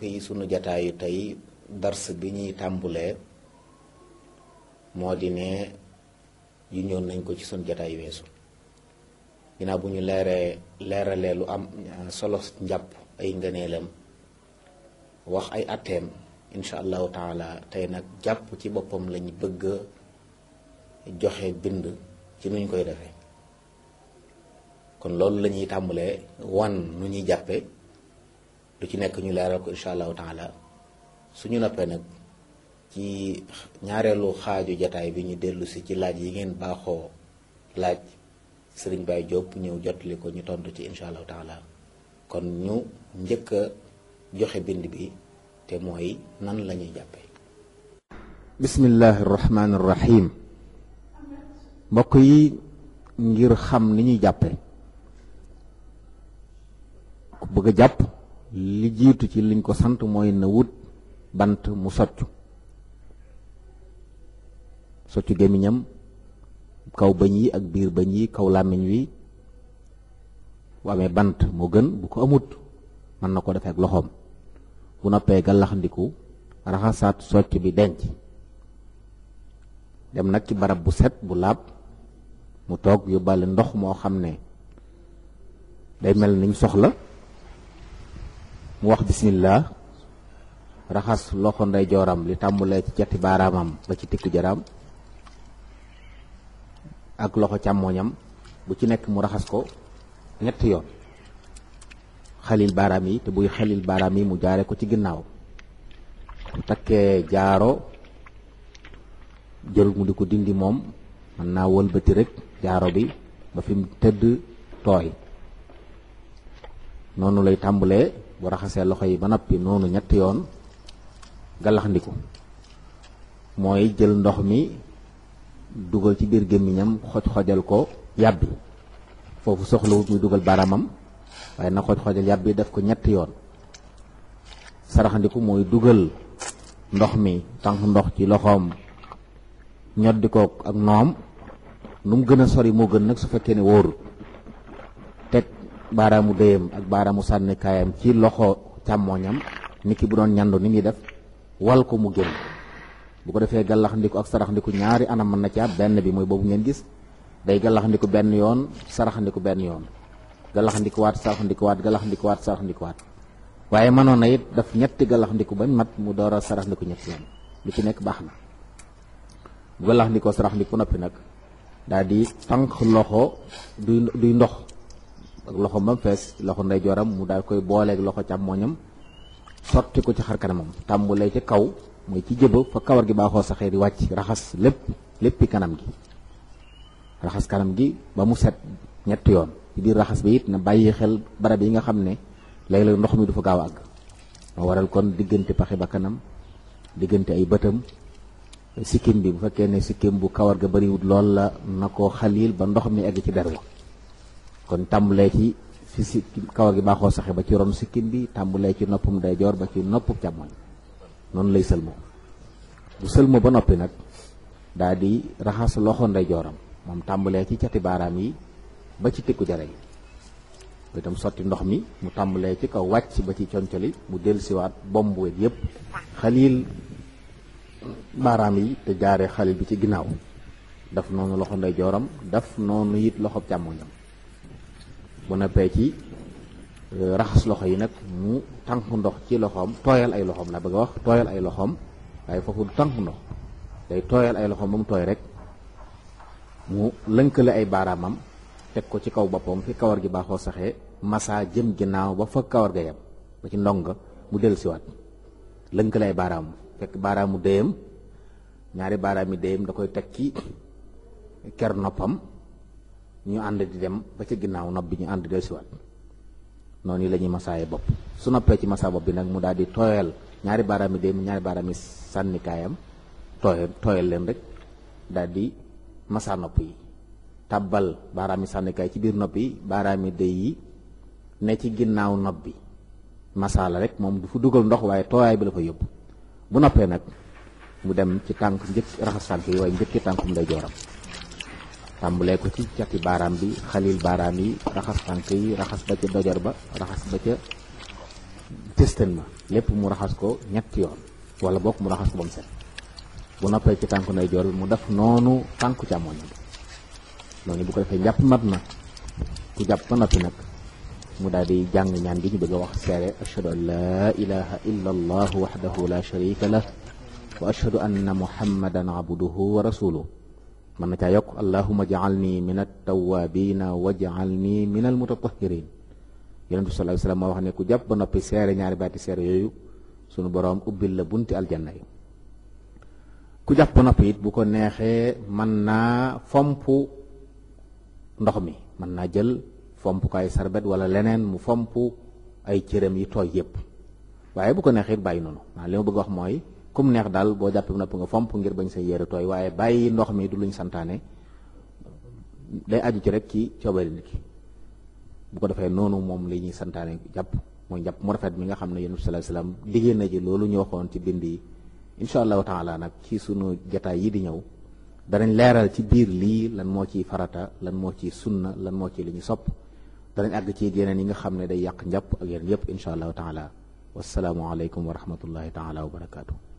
mbokk sunu jataayu tey dars bi ñuy tàmbulee moo di ne yu ñoon nañ ko ci sunu jataayu weesu ginnaaw bu ñu leeree leeralee lu am solo njàpp ay ngëneelam wax ay atteem insha allahu taala tey nag jàpp ci boppam lañ bëgg joxe bind ci nuñ koy defee kon loolu la tàmbulee wan nu ñuy jàppe lu ci nekk ñu leeral ko incha allahu taala suñu noppee nag ci ñaareelu xaaju jataay bi ñu dellusi ci laaj yi ngeen baaxoo laaj sëriñ bay Diop ñëw jotali ko ñu tontu ci incha allahu taala kon ñu njëkk a joxe bind bi te mooy nan la ñuy jàppe mbokk yi ngir xam ni ñuy jàppe ku bëgg jàpp li jiitu ci liñ ko sant mooy na wut bant mu soccu soccu gémmiñam kaw bëñ yi ak biir bëñ yi kaw làmmiñ wi bu amee bant moo gën bu ko amut mën na ko defee ak loxoom bu noppee gàllaxndiku raxasaat socc bi denc dem nag ci barab bu set bu laab mu toog yóbbaale ndox moo xam ne day mel niñ soxla mu wax bismillah raxas loxo ndeyjooram li tàmbulee ci cati baaraamam ba ci tikku jaraam ak loxo càmmooñam bu ci nekk mu raxas ko ñetti yoon xalil baaraam yi te buy xalil baaraam yi mu jaare ko ci ginnaaw bu takkee jaaro jërul mu di ko dindi moom mën naa wëlbati rek jaaro bi ba fi tëdd tooy noonu lay tàmbulee bu raxasee loxo yi ba noppi noonu ñetti yoon galaxndiku mooy jël ndox mi dugal ci biir gémmiñam xoj-xojal ko yàbbi foofu soxlawut muy dugal baaraamam waaye na xoj-xojal yàbbi def ko ñetti yoon saraxandiku mooy dugal ndox mi tànk ndox ci loxoom ñoddi ko ak noom nu mu gën a sori moo gën nag su fekkee ne wóorul baaraamu dëyam ak baaraamu sànni ci loxo càmmooñam nit ki bu doon ñandu ni muy def wal ko mu génn bu ko defee gallax ak sarax ñaari anam mën na ci ab benn bi mooy boobu ngeen gis day gallax benn yoon sarax ndiku benn yoon gallax ndiku waat sarax ndiku waaye mënoon na it daf ñetti gallax ndiku bañ mat mu door a sarax ndiku ñetti yoon lu ci nekk baax na bu gallax ndikoo sarax ndiku nag daal di tànk loxo duy duy ndox ak loxo mam fees loxo ndeyjooram mu daal koy booleek loxo càmmooñam sotti ko ci xar kanamam tàmbulee ci kaw mooy ci jëba fa kawar gi baaxoo saxee di wàcc raxas lépp léppi kanam gi raxas kanam gi ba mu set ñetti yoon ci biir raxas bi it na bàyyi xel barab yi nga xam ne léeg-léeg ndox mi du fa gaaw àgg ma waral kon diggante paxe ba kanam diggante ay bëtam sikkim bi bu fekkee ne sikkim bu kawar ga bariwut lool la na ko xaliil ba ndox mi egg ci der wa kon tàmbalee ci fi si kawar gi baaxoo saxe ba ci ron sikkin bi tàmbalee ci noppum ndeyjoor ba ci noppu càmmoñ noonu lay sëlmoo bu sëlmoo ba noppi nag daal di raxas loxo ndeyjooram moom tàmbalee ci cati baaraam yi ba ci tikku jare yi itam sotti ndox mi mu tàmbalee ci kaw wàcc ba ci concoli mu siwaat bomb wet yépp xalil baaraam yi te jaaree xalil bi ci ginnaaw daf noonu loxo ndeyjooram daf noonu it loxo càmmoñam bu nappee ci euh, raxas loxo yi nag mu tànku ndox ci loxoom tooyal ay loxoom la bëgg a wax tooyal ay loxoom waaye foofu du tànku ndox day tooyal ay loxoom ba mu tooy rek mu lënkale ay baaraamam teg ko ci kaw boppam fi kawar gi baaxoo saxee massa jëm ginnaaw ba fa kawar ga ba ci ndonga mu del siwaat lënkale ay baaraam fekk baaraamu déyam ñaari baaraam yi da koy teg ci ker noppam ñu ànd di dem ba ci ginnaaw nopp bi ñu ànd si siwaat noonu la ñuy masaaye bopp su noppee ci masaa bopp bi nag mu daal di tooyal ñaari baaraam yi dem ñaari baaraam sànnikaayam tooy tooyal leen rek daal di masaa nopp yi tàbbal baaraam yi sànnikaay ci biir nopp yi baaraam yi day yi ne ci ginnaaw nopp bi masaa la rek moom du fu dugal ndox waaye tooyaay bi la fa yóbbu bu noppee nag mu dem ci tànk njëkk raxas tànk yi waaye njëkki tànkum lay jooram tàmbalee ko ci cati baaraam bi xalil baaraam yi raxas tànk yi raxas ba ca dojar ba raxas ba ca testan ma lépp mu raxas ko ñetti yoon wala bokk mu raxas ko ba mu set bu noppee ci tànku nay joor bi mu def noonu tànku càmmoñ noonu bu ko defee njàpp mat na ku jàpp ba noppi nag mu daal di jàng ñaan gi ñu bëgg a wax seere ashhadu an laa ilaha illa allah waxdahu la sharika lah wa ashhadu anna muhammadan abduhu wa rasuluh mën na caa yokk allahuma jacal nii min altawaabina wajacal nii min almutatahirin yonent bi sallallahu alayhi wasallam moo wax ne ku jàpp ba noppi seere ñaari baati seere yooyu sunu boroom ubbil la bunti aljanna yi ku jàpp ba noppi it bu ko neexee mën naa fomp ndox mi mën naa jël fomp ko ay sarbet wala leneen mu fomp ay cëram yi tooy yépp waaye bu ko neexee it bàyyi noonu maanaam li ma bëgg wax mooy kum neex daal boo jàppee nopp nga fomp ngir bañ sa yére tooy waaye bàyyi ndox mi du lañu santaane day aju ci rek ci coobari bu ko defee noonu moom li ñuy santaane jàpp mooy jàpp moo rafet mi nga xam ne yonent bi sallallahu alayhi wasallam loolu ñu waxoon ci bind yi insha allahu taala nag ci sunu jataay yi di ñëw danañ leeral ci biir lii lan moo ciy farata lan moo ciy sunna lan moo ci li ñu sopp danañ àgg ci yeneen yi nga xam ne day yàq njàpp ak yeneen yépp insha allahu taala wasalaamu aleykum wa rahmatullahi taala wa barakaatu